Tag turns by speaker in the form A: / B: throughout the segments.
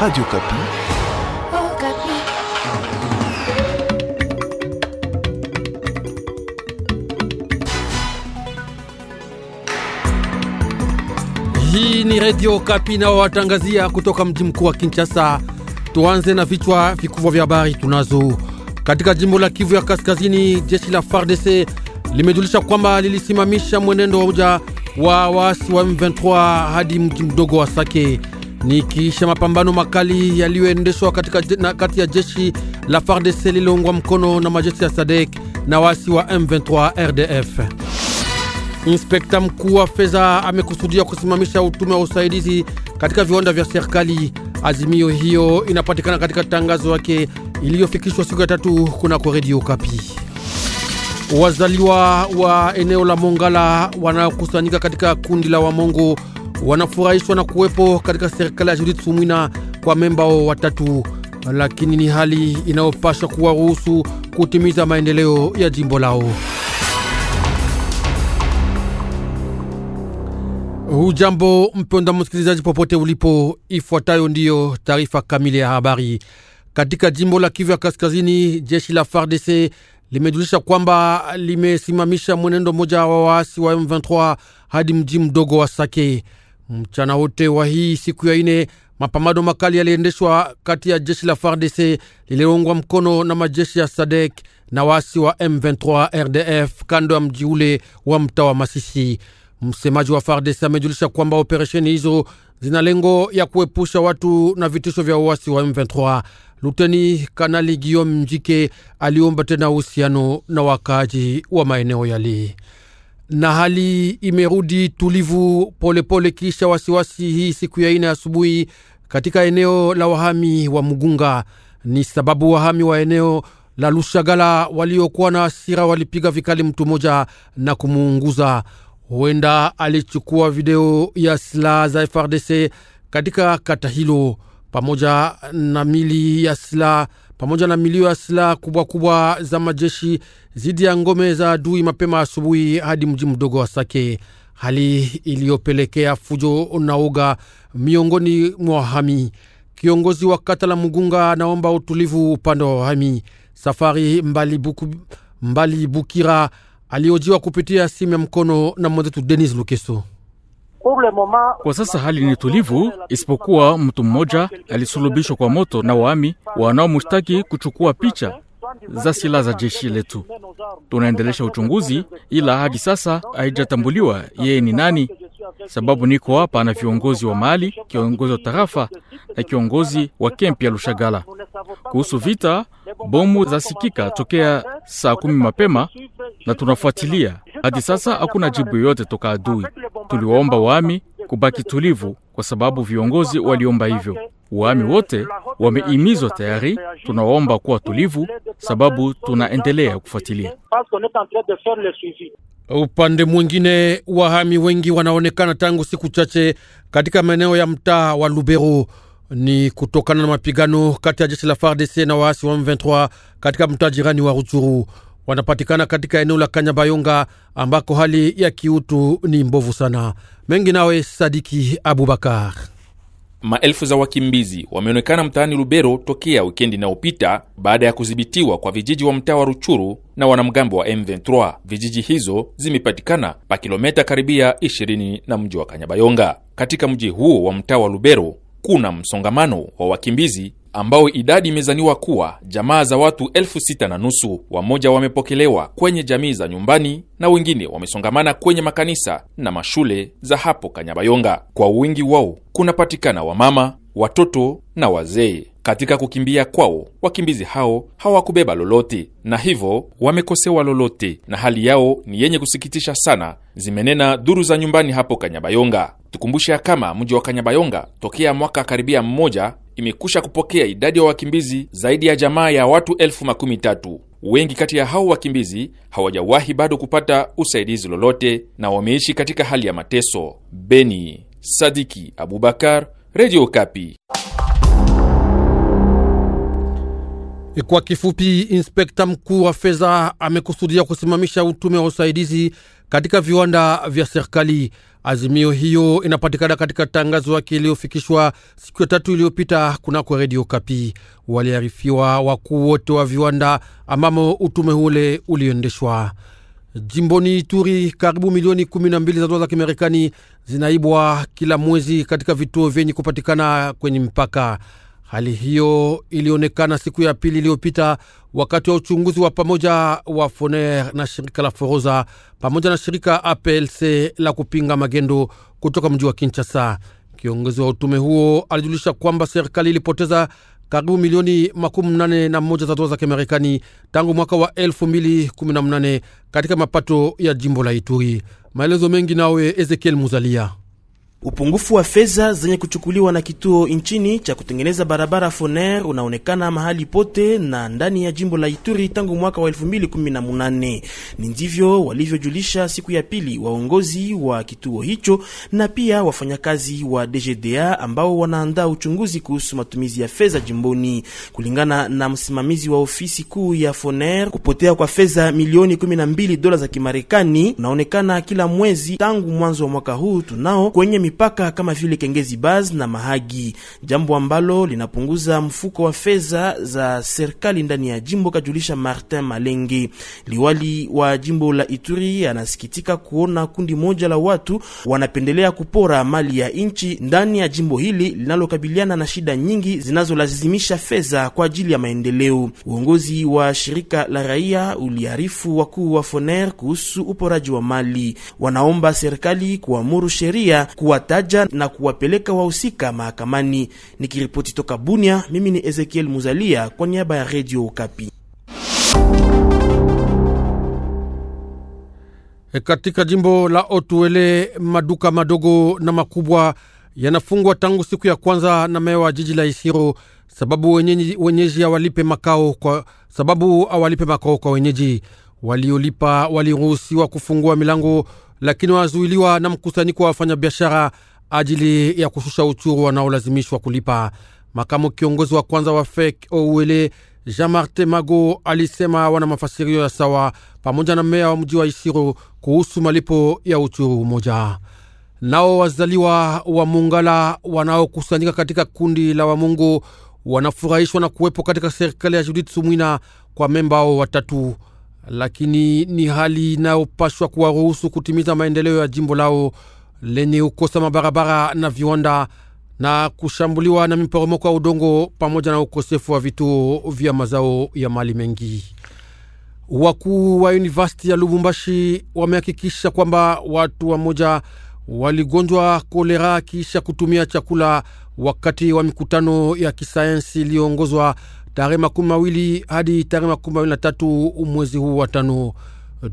A: Radio Kapi.
B: Oh, Kapi.
C: Hii ni Radio Kapi nao watangazia kutoka mji mkuu wa Kinshasa. Tuanze na vichwa vikubwa vya habari tunazo. Katika jimbo la Kivu ya Kaskazini, jeshi la FARDC limejulisha kwamba lilisimamisha mwenendo wa uja wa waasi wa M23 hadi mji mdogo wa Sake ni kiisha mapambano makali yaliyoendeshwa kati ya jeshi la FARDC lililoungwa mkono na majeshi ya sadek na wasi wa M23 RDF. Inspekta mkuu wa fedha amekusudia kusimamisha utume wa usaidizi katika viwanda vya serikali. Azimio hiyo inapatikana katika tangazo yake iliyofikishwa siku ya tatu kunako redio Kapi. Wazaliwa wa eneo la Mongala wanaokusanyika katika kundi la Wamongo wanafurahishwa na kuwepo katika serikali ya Judith Sumwina kwa memba watatu, lakini ni hali inayopasha kuwaruhusu kutimiza maendeleo ya jimbo lao. Hujambo mpenda msikilizaji, popote ulipo, ifuatayo ndiyo taarifa kamili ya habari. Katika jimbo la Kivu ya Kaskazini, jeshi la FARDC limejulisha kwamba limesimamisha mwenendo mmoja wa waasi wa M23 hadi mji mdogo wa Sake. Mchana wote wa hii siku ya ine mapambano makali yaliendeshwa kati ya jeshi la FARDC lililoungwa mkono na majeshi ya SADEK na waasi wa M23 RDF kando ya mji ule wa mtaa wa Masisi. Msemaji wa FARDC amejulisha kwamba operesheni hizo zina lengo ya kuepusha watu na vitisho vya uasi wa M23. Luteni Kanali Guillaume Njike aliomba tena uhusiano na wakaaji wa maeneo yali na hali imerudi tulivu polepole pole kisha wasiwasi hii siku ya ine asubuhi katika eneo la wahami wa Mugunga. Ni sababu wahami wa eneo la Lushagala waliokuwa na asira walipiga vikali mtu mmoja na kumuunguza. Huenda alichukua video ya silaha za FRDC katika kata hilo pamoja na mili ya silaha pamoja na milio ya silaha kubwa kubwa za majeshi dhidi ya ngome za adui mapema asubuhi hadi mji mdogo wa Sake, hali iliyopelekea fujo na uga miongoni mwa wahami. Kiongozi wa kata la Mugunga anaomba utulivu upande wa wahami. Safari Mbali, Buku, Mbali Bukira aliojiwa kupitia simu ya mkono na mwenzetu Denis Lukeso. Kwa sasa hali ni tulivu,
D: isipokuwa mtu mmoja alisulubishwa kwa moto na waami wanaomshtaki kuchukua picha za silaha za jeshi letu. Tunaendelesha uchunguzi, ila hadi sasa haijatambuliwa yeye ni nani. Sababu niko hapa na viongozi wa mahali, kiongozi wa tarafa na kiongozi wa kempi ya Lushagala. Kuhusu vita, bomu zasikika tokea saa kumi mapema na tunafuatilia hadi sasa hakuna jibu yoyote toka adui. Tuliwaomba waami kubaki tulivu, kwa sababu viongozi waliomba hivyo. Waami wote wameimizwa tayari, tunawaomba kuwa tulivu,
C: sababu tunaendelea kufuatilia. Upande mwingine, wahami wengi wanaonekana tangu siku chache katika maeneo ya mtaa wa Lubero ni kutokana na mapigano kati ya jeshi la FARDC na waasi wa M23 katika mtaa jirani wa Ruchuru wanapatikana katika eneo la Kanyabayonga ambako hali ya kiutu ni mbovu sana. Mengi nawe Sadiki Abubakar.
D: Maelfu za wakimbizi wameonekana mtaani Lubero tokea wikendi inayopita baada ya kudhibitiwa kwa vijiji wa mtaa wa Ruchuru na wanamgambo wa M23. Vijiji hizo zimepatikana pa kilometa karibia 20 na mji wa Kanyabayonga. Katika mji huo wa mtaa wa Lubero kuna msongamano wa wakimbizi ambao idadi imezaniwa kuwa jamaa za watu elfu sita na nusu. Wamoja wamepokelewa kwenye jamii za nyumbani na wengine wamesongamana kwenye makanisa na mashule za hapo Kanyabayonga. Kwa wingi wao kunapatikana wamama, watoto na wazee. Katika kukimbia kwao, wakimbizi hao hawakubeba lolote na hivyo wamekosewa lolote, na hali yao ni yenye kusikitisha sana, zimenena dhuru za nyumbani hapo Kanyabayonga. Tukumbushe kama mji wa Kanyabayonga tokea mwaka karibia mmoja imekusha kupokea idadi ya wakimbizi zaidi ya jamaa ya watu elfu makumi tatu. Wengi kati ya hao wakimbizi hawajawahi bado kupata usaidizi lolote na wameishi katika hali ya mateso. Beni, Sadiki Abubakar,
C: Radio Kapi. E, kwa kifupi, inspekta mkuu wa fedha amekusudia kusimamisha utume wa usaidizi katika viwanda vya serikali. Azimio hiyo inapatikana katika tangazo yake iliyofikishwa siku ya tatu iliyopita kunako redio Kapi. Waliarifiwa wakuu wote wa viwanda ambamo utume ule uliendeshwa jimboni Ituri. Karibu milioni 12 za dola za Kimarekani zinaibwa kila mwezi katika vituo vyenye kupatikana kwenye mpaka Hali hiyo ilionekana siku ya pili iliyopita wakati wa uchunguzi wa pamoja wa FONER na shirika la Foroza pamoja na shirika APLC la kupinga magendo kutoka mji wa Kinshasa. Kiongozi wa utume huo alijulisha kwamba serikali ilipoteza karibu milioni makumi nane na moja za dola za Kimarekani tangu mwaka wa elfu mbili kumi na nane katika mapato ya jimbo la Ituri. Maelezo mengi nawe Ezekiel Muzalia. Upungufu wa fedha zenye kuchukuliwa
A: na kituo nchini cha kutengeneza barabara Foner unaonekana mahali pote na ndani ya jimbo la Ituri tangu mwaka wa 2018. Ni ndivyo walivyojulisha siku ya pili waongozi wa kituo hicho na pia wafanyakazi wa DGDA ambao wanaandaa uchunguzi kuhusu matumizi ya fedha jimboni. Kulingana na msimamizi wa ofisi kuu ya Foner, kupotea kwa fedha milioni 12 dola za Kimarekani unaonekana kila mwezi tangu mwanzo wa mwaka huu tunao kwenye mipaka kama vile Kengezi Baz na Mahagi, jambo ambalo linapunguza mfuko wa fedha za serikali ndani ya jimbo, kajulisha Martin Malenge. Liwali wa jimbo la Ituri anasikitika kuona kundi moja la watu wanapendelea kupora mali ya nchi ndani ya jimbo hili linalokabiliana na shida nyingi zinazolazimisha fedha kwa ajili ya maendeleo. Uongozi wa shirika la raia uliarifu wakuu wa FONER kuhusu uporaji wa mali, wanaomba serikali kuamuru sheria kuwa kuwataja na kuwapeleka wahusika mahakamani. Nikiripoti toka Bunia, mimi ni Ezekiel Muzalia kwa niaba ya Redio Okapi.
C: E, katika jimbo la Otuele maduka madogo na makubwa yanafungwa tangu siku ya kwanza na meya wa jiji la Isiro sababu wenyeji, wenyeji awalipe makao kwa sababu awalipe makao kwa wenyeji waliolipa waliruhusiwa kufungua milango lakini wanazuiliwa na mkusanyiko wa wafanyabiashara ajili ya kushusha uchuru wanaolazimishwa kulipa. Makamu kiongozi wa kwanza wa FEK Ouele Jean-Martin Mago alisema wana mafasirio ya sawa pamoja na meya wa mji wa Isiro kuhusu malipo ya uchuru mmoja. Nao wazaliwa wa Mungala wanaokusanyika katika kundi la Wamungu wanafurahishwa na kuwepo katika serikali ya Judith Sumwina kwa ao watatu lakini ni hali inayopashwa kuwaruhusu kutimiza maendeleo ya jimbo lao lenye ukosa mabarabara na viwanda na kushambuliwa na miporomoko ya udongo pamoja na ukosefu wa vituo vya mazao ya mali mengi. Wakuu wa universiti ya Lubumbashi wamehakikisha kwamba watu wamoja waligonjwa kolera kisha kutumia chakula wakati wa mikutano ya kisayansi iliyoongozwa tarehe makumi mawili hadi tarehe makumi mawili na tatu mwezi huu wa tano.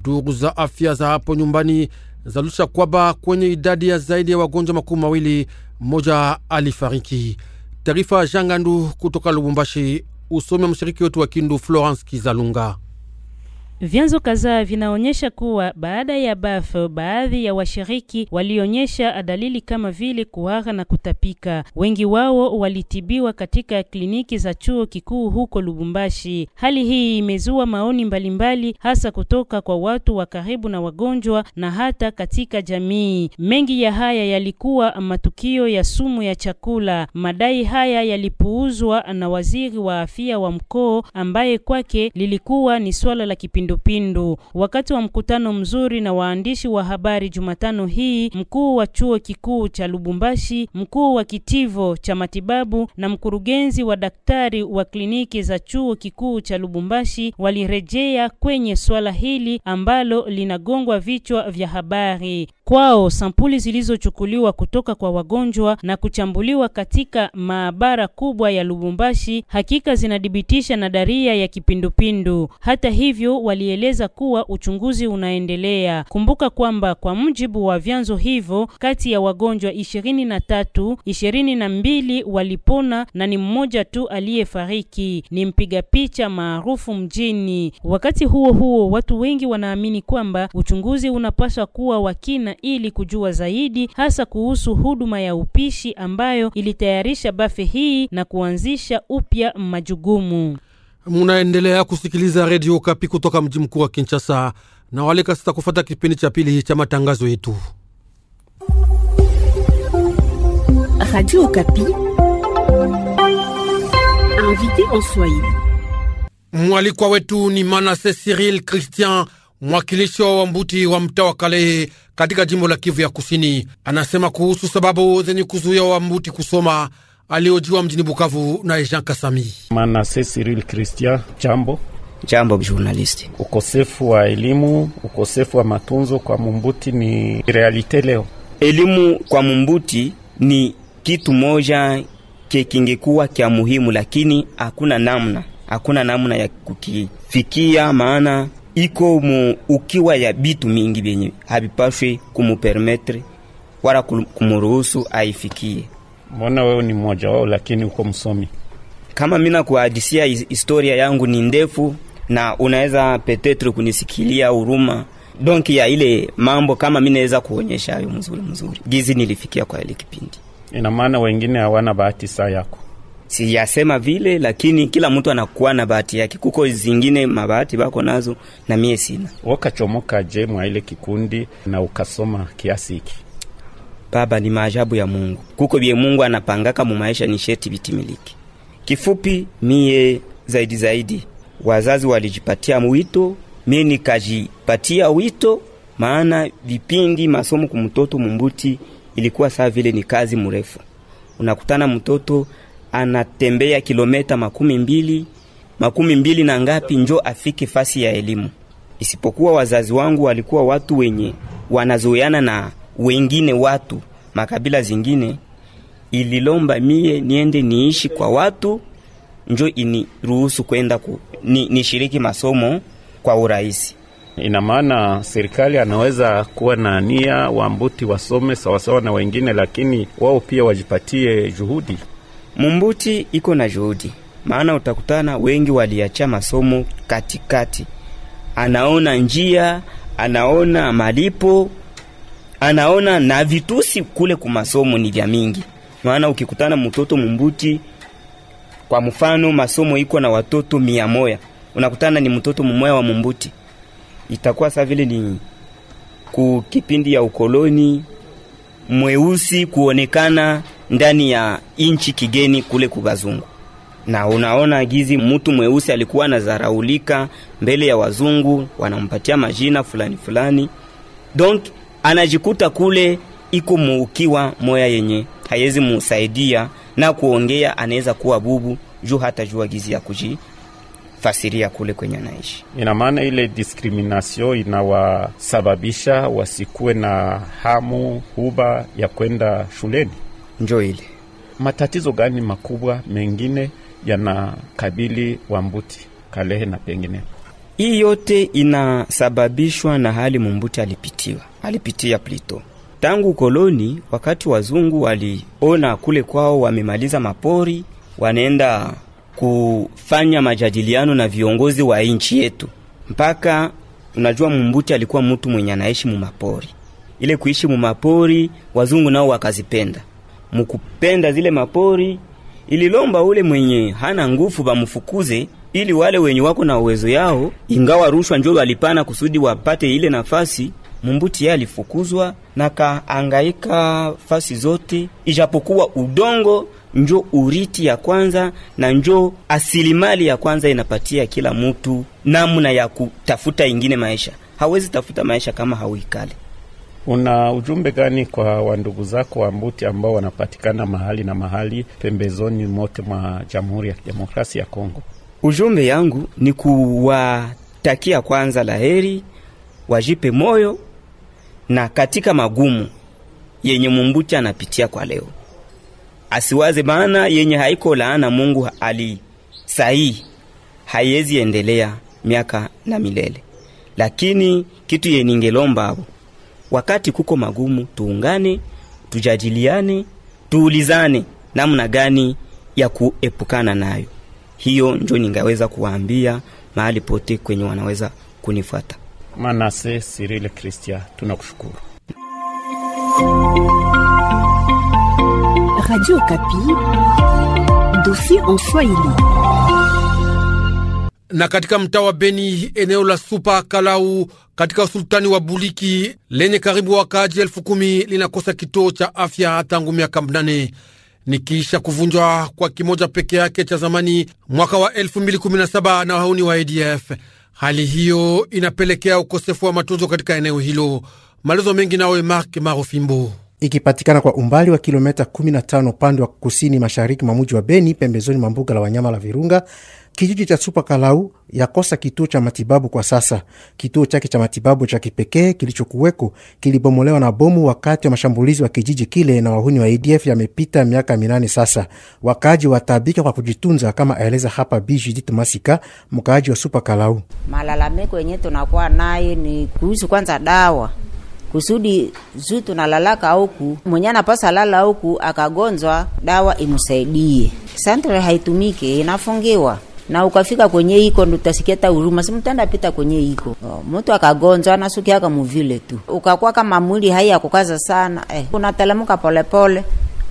C: Duru za afya za hapo nyumbani zalusha kwamba kwenye idadi ya zaidi ya wagonjwa makumi mawili mmoja alifariki. Taarifa Jangandu kutoka Lubumbashi, usomi wa mshiriki wetu wa Kindu Florence Kizalunga.
B: Vyanzo kadhaa vinaonyesha kuwa baada ya baf baadhi ya washiriki walionyesha dalili kama vile kuhara na kutapika. Wengi wao walitibiwa katika kliniki za chuo kikuu huko Lubumbashi. Hali hii imezua maoni mbalimbali, hasa kutoka kwa watu wa karibu na wagonjwa na hata katika jamii. Mengi ya haya yalikuwa matukio ya sumu ya chakula. Madai haya yalipuuzwa na waziri wa afya wa mkoa, ambaye kwake lilikuwa ni swala la kipindi kipindupindu. Wakati wa mkutano mzuri na waandishi wa habari Jumatano hii, mkuu wa chuo kikuu cha Lubumbashi, mkuu wa kitivo cha matibabu na mkurugenzi wa daktari wa kliniki za chuo kikuu cha Lubumbashi walirejea kwenye swala hili ambalo linagongwa vichwa vya habari. Kwao sampuli zilizochukuliwa kutoka kwa wagonjwa na kuchambuliwa katika maabara kubwa ya Lubumbashi hakika zinadhibitisha nadharia ya kipindupindu. Hata hivyo, walieleza kuwa uchunguzi unaendelea. Kumbuka kwamba kwa mujibu wa vyanzo hivyo, kati ya wagonjwa ishirini na tatu, ishirini na mbili walipona na ni mmoja tu aliyefariki. Ni mpiga picha maarufu mjini. Wakati huo huo, watu wengi wanaamini kwamba uchunguzi unapaswa kuwa wa kina ili kujua zaidi hasa kuhusu huduma ya upishi ambayo ilitayarisha bafe hii na kuanzisha upya
C: majugumu. Munaendelea kusikiliza redio Kapi kutoka mji mkuu wa Kinshasa na waleka sasa kufata kipindi cha pili cha matangazo yetu Mwalikwa wetu ni Manase Cyril Christian mwakilishi wa Wambuti wa mtaa wa Kalehe katika jimbo la Kivu ya Kusini, anasema kuhusu sababu zenye kuzuia Wambuti kusoma aliojiwa mjini Bukavu na Jean Kasami
E: Manase Cyril Christian. Jambo jambo, journalisti. Ukosefu wa elimu, ukosefu wa matunzo kwa mumbuti ni realite leo. Elimu kwa mumbuti ni kitu moja kekingekuwa kya muhimu, lakini hakuna namna, hakuna namna ya kukifikia, maana iko mu ukiwa ya bitu mingi byenye habipashwe kumupermetre wala kumuruhusu aifikie. Mbona wewe ni mmoja wao, lakini uko msomi. Kama mina kuhadisia historia yangu ni ndefu, na unaweza petetre kunisikilia huruma donki ya ile mambo, kama mi naweza kuonyesha hayo mzuri mzuri gizi nilifikia kwa ile kipindi. Ina maana wengine hawana bahati saa yako sijasema vile, lakini kila mtu anakuwa na bahati yake. Kuko zingine mabahati bako nazo na mie sina. Wakachomoka je mwa ile kikundi na ukasoma kiasi hiki? Baba, ni maajabu ya Mungu. Kuko bie Mungu anapangaka mu maisha ni sheti bitimiliki. Kifupi, mie zaidi zaidi wazazi walijipatia mwito mie nikajipatia wito, maana vipindi masomo kumtoto mumbuti ilikuwa saa vile ni kazi mrefu. Unakutana mtoto anatembea kilometa makumi mbili makumi mbili na ngapi njo afike fasi ya elimu, isipokuwa wazazi wangu walikuwa watu wenye wanazoeana na wengine watu makabila zingine. Ililomba mie niende niishi kwa watu njo iniruhusu kwenda ku, ni, nishiriki masomo kwa urahisi. Ina maana serikali anaweza kuwa na nia wambuti wasome sawasawa na wengine, lakini wao pia wajipatie juhudi Mumbuti iko na juhudi, maana utakutana wengi waliacha masomo katikati, anaona njia, anaona malipo, anaona na vitusi kule ku masomo ni vya mingi. Maana ukikutana mtoto Mumbuti, kwa mfano masomo iko na watoto mia moya, unakutana ni mtoto mmoja wa Mumbuti, itakuwa saa vile ni ku kipindi ya ukoloni mweusi kuonekana ndani ya inchi kigeni kule kubazungu na unaona gizi mtu mweusi alikuwa anazaraulika mbele ya wazungu, wanampatia majina fulani fulani, donc anajikuta kule iko muukiwa moya yenye hayezi musaidia na kuongea, anaweza kuwa bubu juu hata jua gizi ya kujifasiria kule kwenye anaishi. Ina maana ile diskriminasio inawasababisha wasikuwe na hamu huba ya kwenda shuleni njo ile matatizo gani makubwa mengine yanakabili Wambuti, Kalehe na pengine? Hii yote inasababishwa na hali Mumbuti alipitiwa alipitia Plito tangu koloni, wakati wazungu waliona kule kwao wamemaliza mapori, wanaenda kufanya majadiliano na viongozi wa nchi yetu. Mpaka unajua, Mumbuti alikuwa mtu mwenye anaishi mumapori, ile kuishi mumapori wazungu nao wakazipenda mukupenda zile mapori ililomba ule mwenye hana nguvu bamufukuze ili wale wenye wako na uwezo yao, ingawa rushwa njo walipana kusudi wapate ile nafasi. Mumbuti yeye alifukuzwa na kaangaika fasi zote, ijapokuwa udongo njo uriti ya kwanza na njo asilimali ya kwanza inapatia kila mutu namna ya kutafuta ingine maisha. Hawezi tafuta maisha kama hauikale Una ujumbe gani kwa wandugu zako wa Mbuti ambao wanapatikana mahali na mahali pembezoni mote mwa Jamhuri ya Kidemokrasia ya Kongo? Ujumbe yangu ni kuwatakia kwanza laheri, wajipe moyo na katika magumu yenye mumbuti anapitia kwa leo asiwaze, maana yenye haiko laana Mungu ali sahihi haiwezi endelea miaka na milele, lakini kitu yeningelomba hapo wakati kuko magumu, tuungane, tujadiliane, tuulizane namna gani ya kuepukana nayo. Hiyo njo ningaweza kuwaambia mahali pote kwenye wanaweza kunifuata. Manase Sirile Kristia, tunakushukuru.
B: Radio Kapi, dossier en Swahili
C: na katika mtaa wa Beni eneo la Supa Kalau katika usultani wa Buliki lenye karibu wakaaji elfu kumi linakosa kituo cha afya tangu miaka mnane nikiisha kuvunjwa kwa kimoja peke yake cha zamani mwaka wa 2017 na wauni wa ADF. Hali hiyo inapelekea ukosefu wa matunzo katika eneo hilo. Maelezo mengi nawe Mark
F: Marofimbo ikipatikana kwa umbali wa kilometa 15 upande wa kusini mashariki mwa muji wa Beni, pembezoni mwa mbuga la wanyama la Virunga. Kijiji cha Supa Kalau yakosa kituo cha matibabu kwa sasa. Kituo chake cha matibabu cha kipekee kilichokuweko kilibomolewa na bomu wakati wa mashambulizi wa kijiji kile na wahuni wa ADF yamepita miaka minane sasa. Wakaaji wataabika kwa kujitunza, kama aeleza hapa Bi Judith Masika, mkaaji wa Supa Kalau.
B: Malalamiko yenye tunakuwa naye ni kuhusu kwanza dawa kusudi zu tunalalaka huku, mwenye anapasa lala huku akagonjwa, dawa imsaidie. Santre haitumike, inafungiwa na ukafika kwenye iko ndo utasikia hata huruma, si mtu anapita kwenye iko oh, mtu akagonjwa anasukiaka muvile tu, ukakuwa kama mwili hai yakukaza sana eh, unatelemuka polepole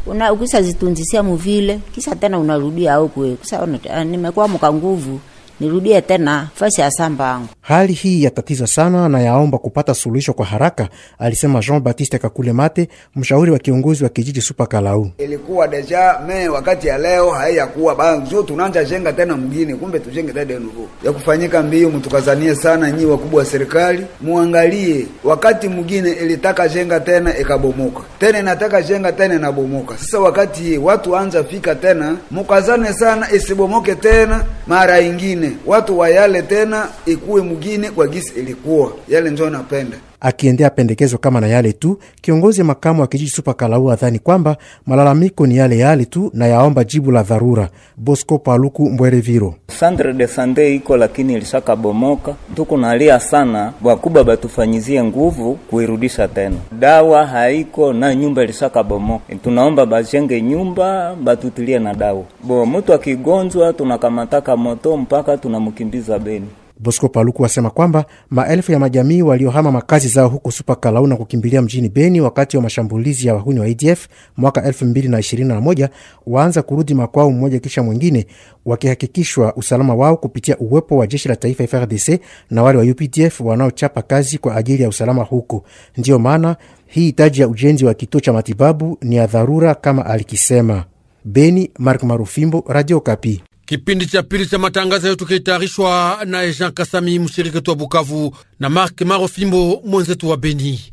B: una ukisa zitunzisia muvile, kisa tena unarudia au kwe kusa eh, nimekuwa mka nguvu nirudie tena fasi ya samba yangu.
F: Hali hii yatatiza sana na yaomba kupata suluhisho kwa haraka, alisema Jean Baptiste mate mshauri wa kiongozi wa kijiji Supa Kalau.
B: Ilikuwa deja me
E: wakati ya leo haiyakuwa banzo, tunaanza jenga tena mgini, kumbe tujenge tena denuvo ya kufanyika mbio. Mtukazanie sana nyi wakubwa wa serikali, muangalie wakati mgine ilitaka jenga tena ikabomoka tena, inataka jenga tena inabomoka. Sasa wakati watu anza fika tena, mukazane sana isibomoke tena mara ingine watu wayale tena ikuwe mgine kwa gisi ilikuwa yale, njo napenda
F: Akiendea pendekezo kama na yale tu, kiongozi makamu wa kijiji Supa Kalau adhani kwamba malalamiko ni yale yale tu na yaomba jibu la dharura. Bosco Paluku Mbwereviro:
E: centre de sante iko lakini ilishakabomoka, tuko nalia sana, wakubwa batufanyizie nguvu kuirudisha tena. Dawa haiko na nyumba ilishakabomoka, tunaomba bajenge nyumba batutilie na dawa bo. Mtu akigonjwa tunakamataka moto mpaka tunamkimbiza Beni.
F: Bosco Paluku wasema kwamba maelfu ya majamii waliohama makazi zao huko supa na kukimbilia mjini Beni wakati wa mashambulizi ya wahuni wa ADF mwaka 2021 waanza kurudi makwao mmoja kisha mwingine, wakihakikishwa usalama wao kupitia uwepo wa jeshi la taifa FRDC na wale wa UPDF wanaochapa kazi kwa ajili ya usalama huko. Ndiyo maana hii hitaji ya ujenzi wa kituo cha matibabu ni ya dharura kama alikisema. Beni, Mark Marufimbo, Radio Kapi.
C: Kipindi cha pili cha matangazo yetu kilitayarishwa na Jean Kasami, mshiriki wetu wa Bukavu, na Mark Maro Fimbo, mwenzetu wa Beni.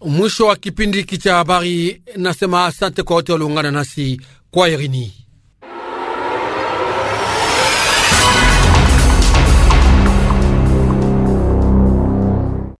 C: Mwisho wa kipindi hiki cha habari, nasema asante kwa wote waliungana nasi kwa Irini.